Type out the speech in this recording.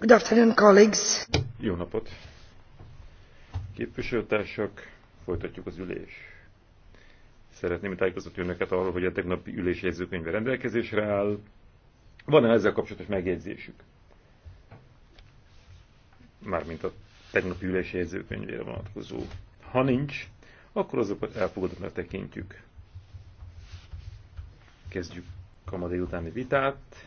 Good afternoon, colleagues. Jó napot! Képviselőtársak, folytatjuk az ülés. Szeretném tájékoztatni önöket arról, hogy a tegnapi ülés jegyzőkönyve rendelkezésre áll. Van-e ezzel kapcsolatos megjegyzésük? Mármint a tegnapi ülés jegyzőkönyvére vonatkozó. Ha nincs, akkor azokat elfogadottnak tekintjük. Kezdjük a ma délutáni vitát.